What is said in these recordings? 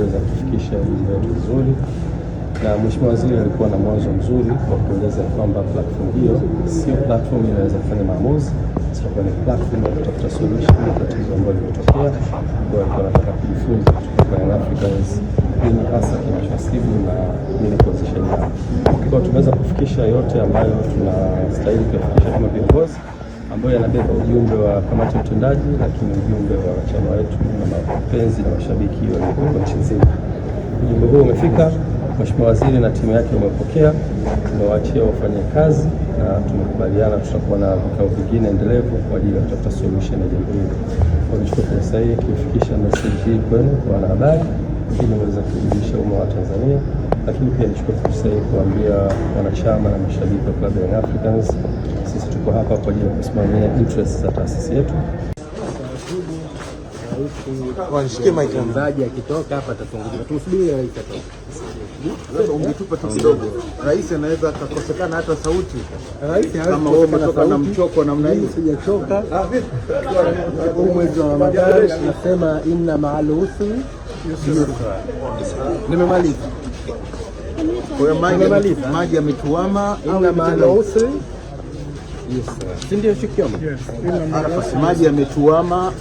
kuweza kufikisha elimu yetu vizuri, na Mheshimiwa Waziri alikuwa na mwanzo mzuri kwa kueleza kwamba platform hiyo sio platform inaweza kufanya maamuzi, sitakuwa ni platform ya kutafuta solution ya tatizo ambalo limetokea. Kwa hiyo tunataka kujifunza kutoka kwa Africans nini hasa kinachowasibu na nini position yao. Kwa hiyo tumeweza kufikisha yote ambayo tunastahili kuyafikisha kama viongozi ambayo yanabeba ujumbe wa kamati ya utendaji, lakini ujumbe wa wanachama wetu na mapenzi na mashabiki wa nchi nzima. Ujumbe huo umefika, Mheshimiwa Waziri na timu yake wamepokea, tumewaachia wafanye kazi na tumekubaliana tutakuwa na vikao vingine endelevu kwa ajili ya kutafuta solution ya jambo hili. Kwa Nichukue fursa hii kufikisha message hii kwenu kwa wanahabari ili uweze kujulisha umma wa Tanzania, lakini pia nichukue fursa hii kuambia wanachama na mashabiki wa klabu ya Young Africans tuko hapa kwa ajili ya kusimamia interest za taasisi yetu. Mzaji akitoka hapa atatungulia, tusubiri rais atoke. Ungetupa tu kidogo, rais anaweza akakosekana hata sauti. Kama wewe umetoka na mchoko namna hii, sijachoka. Ah, mwezi wa Ramadhani inna ma'al usri yusra. Nimemaliza. Kwa maji yametuama, inna ma'al usri si ndio? Maji yametuama,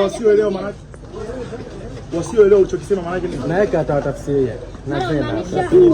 wasioelewa maana wasioelewa ulichokisema maana yake na yake atawatafsiria. Nasema